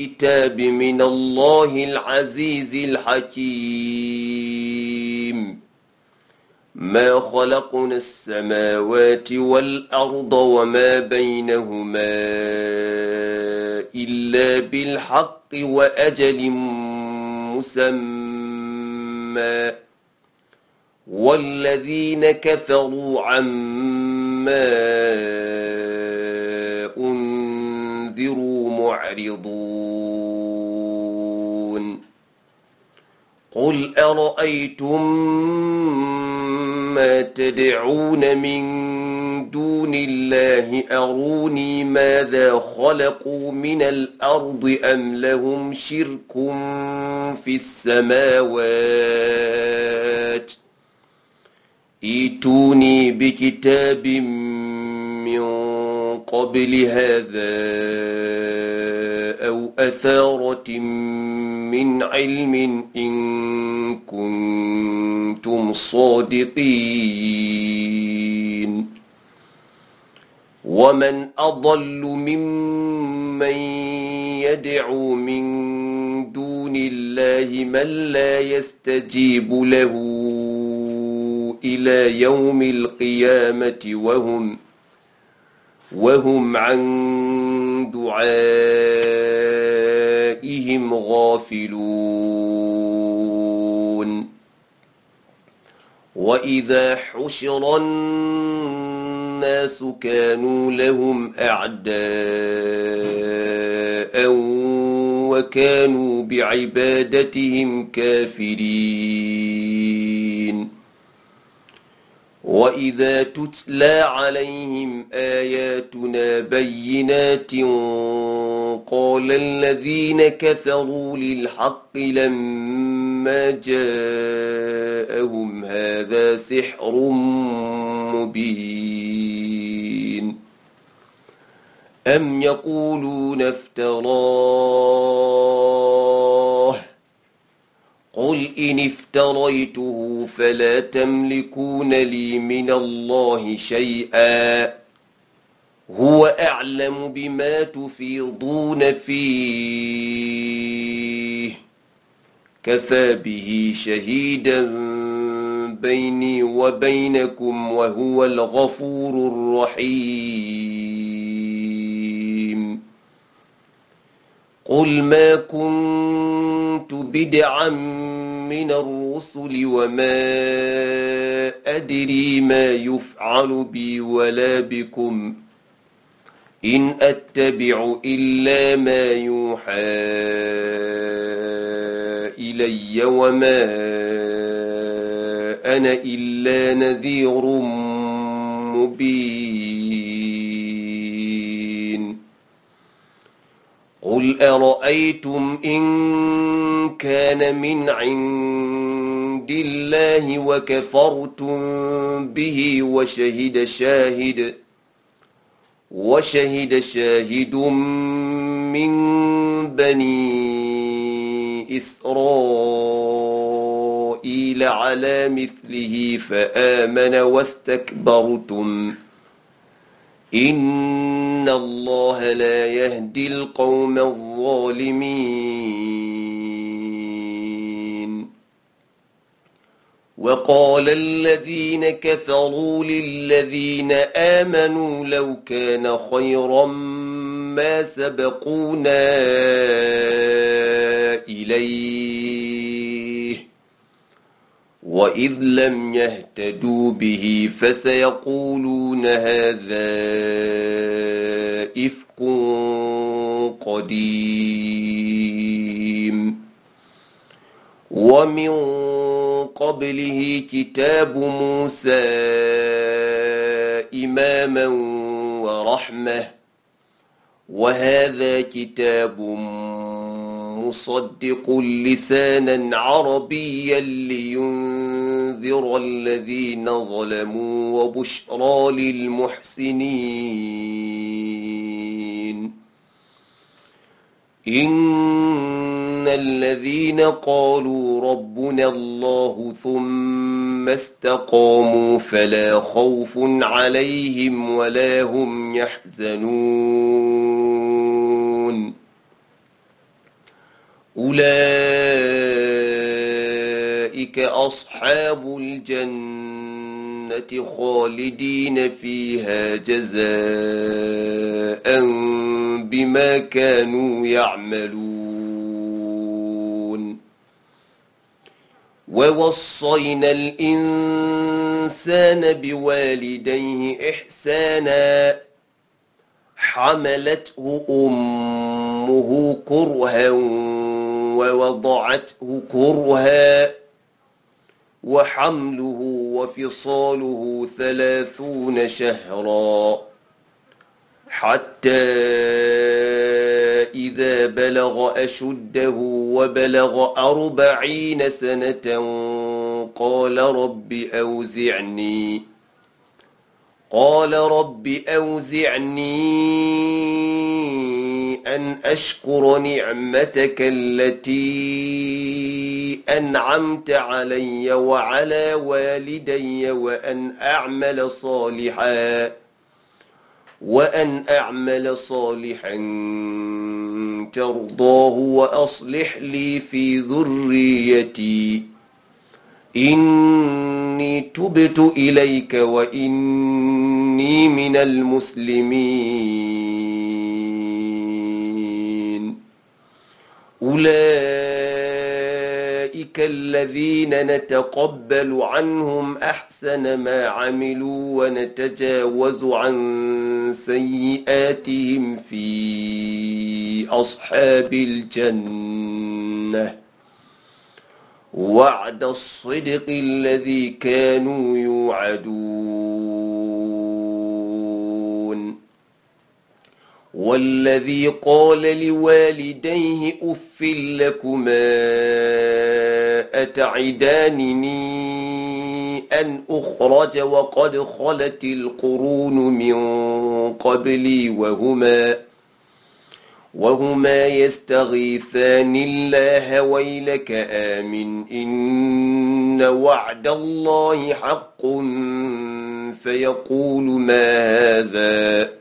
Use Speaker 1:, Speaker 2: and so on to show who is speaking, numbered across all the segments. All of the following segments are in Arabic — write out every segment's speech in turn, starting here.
Speaker 1: الكتاب من الله العزيز الحكيم ما خلقنا السماوات والأرض وما بينهما إلا بالحق وأجل مسمى والذين كفروا عما معرضون قل أرأيتم ما تدعون من دون الله أروني ماذا خلقوا من الأرض أم لهم شرك في السماوات ايتوني بكتاب من قبل هذا أو أثارة من علم إن كنتم صادقين ومن أضل ممن يدعو من دون الله من لا يستجيب له إلى يوم القيامة وهم وهم عن دعائهم هم غافلون واذا حشر الناس كانوا لهم اعداء وكانوا بعبادتهم كافرين واذا تتلى عليهم اياتنا بينات قال الذين كفروا للحق لما جاءهم هذا سحر مبين ام يقولون افتراه قل إن افتريته فلا تملكون لي من الله شيئا هو أعلم بما تفيضون فيه كفى به شهيدا بيني وبينكم وهو الغفور الرحيم قل ما كنت بدعا من الرسل وما أدري ما يفعل بي ولا بكم إن أتبع إلا ما يوحى إلي وما أنا إلا نذير مبين قل أرأيتم إن كان من عند الله وكفرتم به وشهد شاهد وشهد شاهد من بني إسرائيل على مثله فآمن واستكبرتم إن إن الله لا يهدي القوم الظالمين وقال الذين كفروا للذين آمنوا لو كان خيرا ما سبقونا إليه وإذ لم يهتدوا به فسيقولون هذا إفك قديم ومن قبله كتاب موسى إماما ورحمة وهذا كتاب مصدق لسانا عربيا لينذر لينذر الذين ظلموا وبشرى للمحسنين إن الذين قالوا ربنا الله ثم استقاموا فلا خوف عليهم ولا هم يحزنون أولئك أولئك أصحاب الجنة خالدين فيها جزاء بما كانوا يعملون ووصينا الإنسان بوالديه إحسانا حملته أمه كرها ووضعته كرها وحمله وفصاله ثلاثون شهرا حتى إذا بلغ أشده وبلغ أربعين سنة قال رب أوزعني قال رب أوزعني أن أشكر نعمتك التي أنعمت علي وعلى والدي وأن أعمل صالحا وأن أعمل صالحا ترضاه وأصلح لي في ذريتي إني تبت إليك وإني من المسلمين أولئك الذين نتقبل عنهم أحسن ما عملوا ونتجاوز عن سيئاتهم في أصحاب الجنة وعد الصدق الذي كانوا يوعدون الذي قال لوالديه أف لكما أتعدانني أن أخرج وقد خلت القرون من قبلي وهما وهما يستغيثان الله ويلك آمن إن وعد الله حق فيقول ما هذا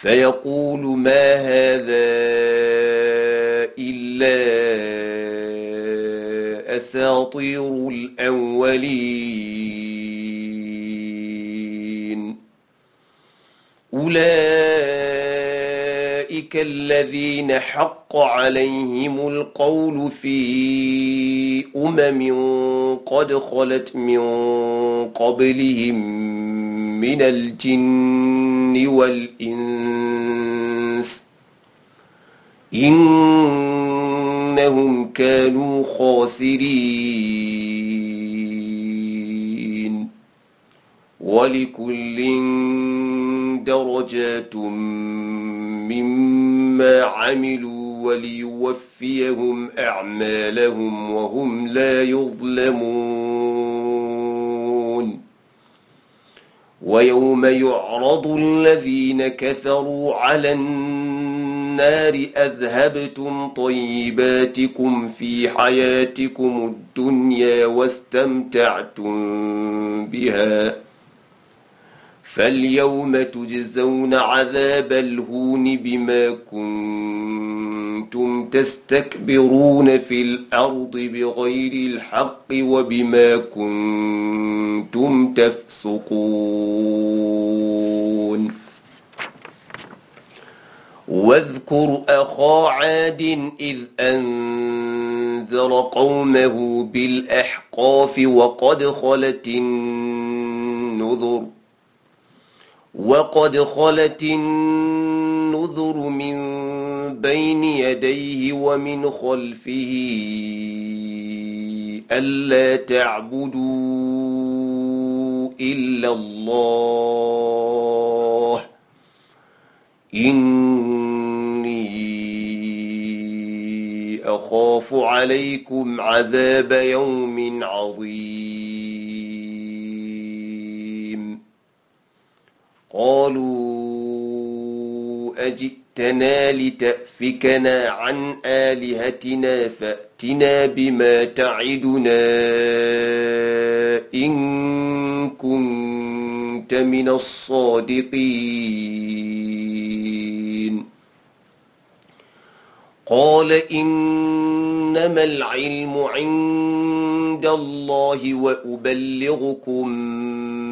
Speaker 1: فيقول ما هذا إلا أساطير الأولين أولئك الذين حق عليهم القول في أمم قد خلت من قبلهم من الجن والإنس إنهم كانوا خاسرين ولكل درجات مما عملوا وليوفيهم أعمالهم وهم لا يظلمون ويوم يعرض الذين كفروا على النار أذهبتم طيباتكم في حياتكم الدنيا واستمتعتم بها فاليوم تجزون عذاب الهون بما كنتم كنتم تستكبرون في الأرض بغير الحق وبما كنتم تفسقون واذكر أخا عاد إذ أنذر قومه بالأحقاف وقد خلت النذر وقد خلت النذر من بين يديه ومن خلفه ألا تعبدوا إلا الله إني أخاف عليكم عذاب يوم عظيم قالوا أجئ جئتنا لتأفكنا عن آلهتنا فأتنا بما تعدنا إن كنت من الصادقين قال إنما العلم عند الله وأبلغكم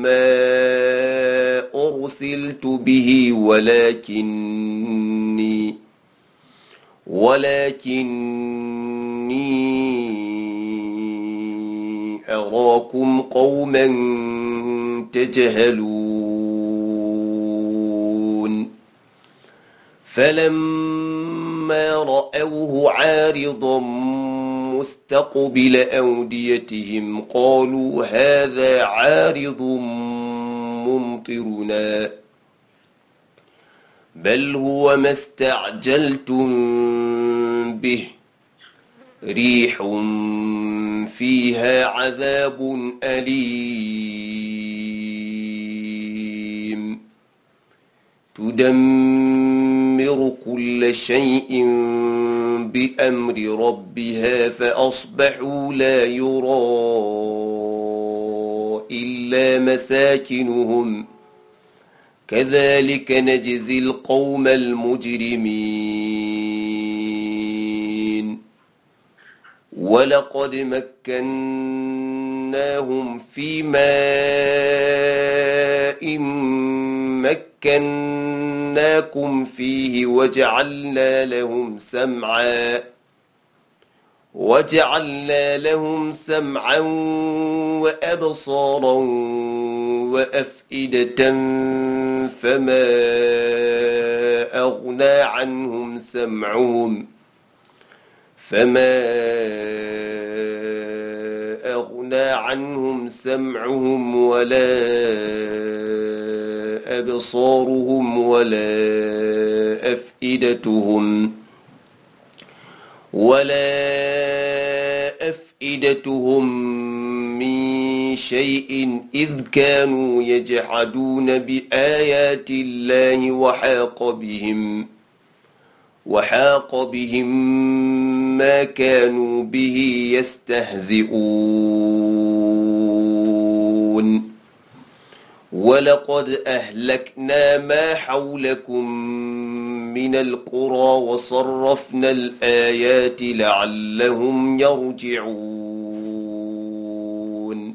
Speaker 1: ما أرسلت به ولكني ولكني أراكم قوما تجهلون فلما رأوه عارضا مستقبل أوديتهم قالوا هذا عارض ممطرنا بل هو ما استعجلتم به ريح فيها عذاب أليم تدمر تدمر كل شيء بأمر ربها فأصبحوا لا يرى إلا مساكنهم كذلك نجزي القوم المجرمين ولقد مكناهم في ماء مكنا أَمْكَنَّاكُمْ فِيهِ وَجَعَلْنَا لَهُمْ سَمْعًا وَجَعَلْنَا لَهُمْ سَمْعًا وَأَبْصَارًا وَأَفْئِدَةً فَمَا أَغْنَى عَنْهُمْ سَمْعُهُمْ فَمَا عنهم سمعهم ولا أبصارهم ولا أفئدتهم
Speaker 2: ولا
Speaker 1: أفئدتهم من شيء إذ كانوا يجحدون بآيات الله وحاق بهم وحاق بهم ما كانوا به يستهزئون ولقد أهلكنا ما حولكم من القرى وصرفنا الآيات لعلهم يرجعون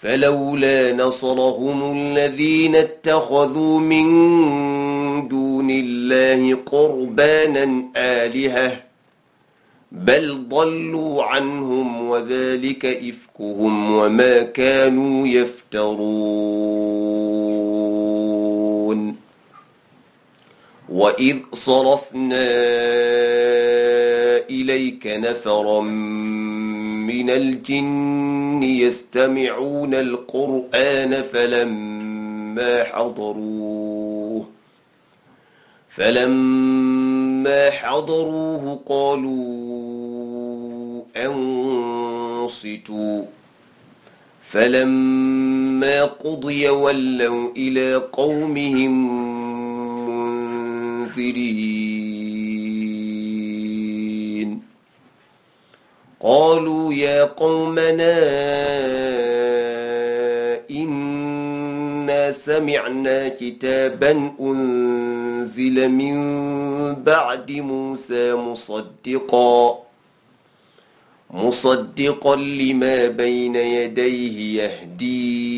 Speaker 1: فلولا نصرهم الذين اتخذوا من دون الله قربانا آلهة بل ضلوا عنهم وذلك إفكهم وما كانوا يفترون وإذ صرفنا إليك نفرا من الجن يستمعون القرآن فلما حضروه فلما فلما حضروه قالوا أنصتوا فلما قضي ولوا إلى قومهم منذرين قالوا يا قومنا سمعنا كتابا أنزل من بعد موسى مصدقا مصدقا لما بين يديه يهدي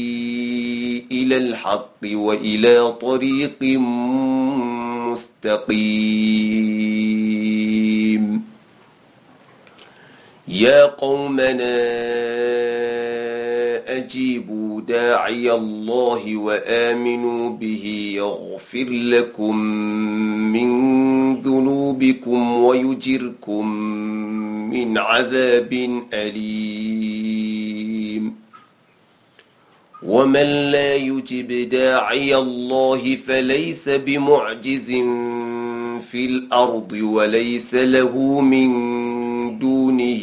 Speaker 1: إلى الحق وإلى طريق مستقيم يا قومنا أجيبوا داعي الله وامنوا به يغفر لكم من ذنوبكم ويجركم من عذاب اليم ومن لا يجب داعي الله فليس بمعجز في الارض وليس له من دونه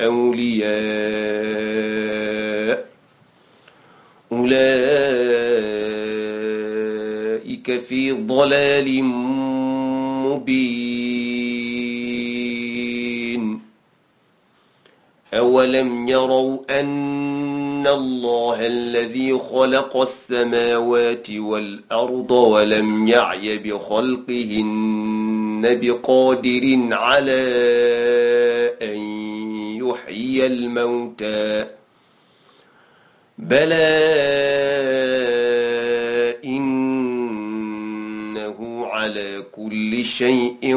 Speaker 1: أولياء أولئك في ضلال مبين أولم يروا أن الله الذي خلق السماوات والأرض ولم يعي بخلقهن بقادر على أن يحيي الموتى بلى إنه على كل شيء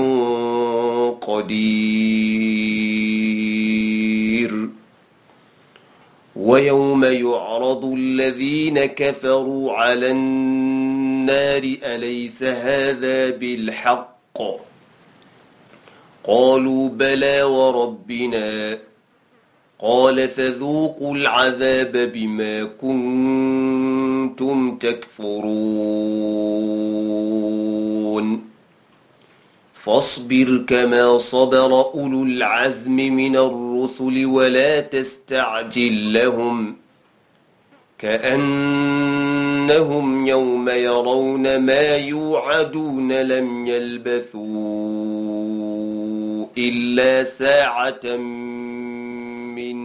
Speaker 1: قدير ويوم يعرض الذين كفروا على النار أليس هذا بالحق قالوا بلى وربنا قال فذوقوا العذاب بما كنتم تكفرون فاصبر كما صبر اولو العزم من الرسل ولا تستعجل لهم كانهم يوم يرون ما يوعدون لم يلبثوا الا ساعه من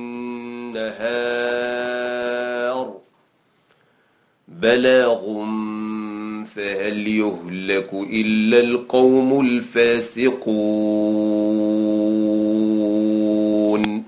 Speaker 1: نهار بلاغ فهل يهلك إلا القوم الفاسقون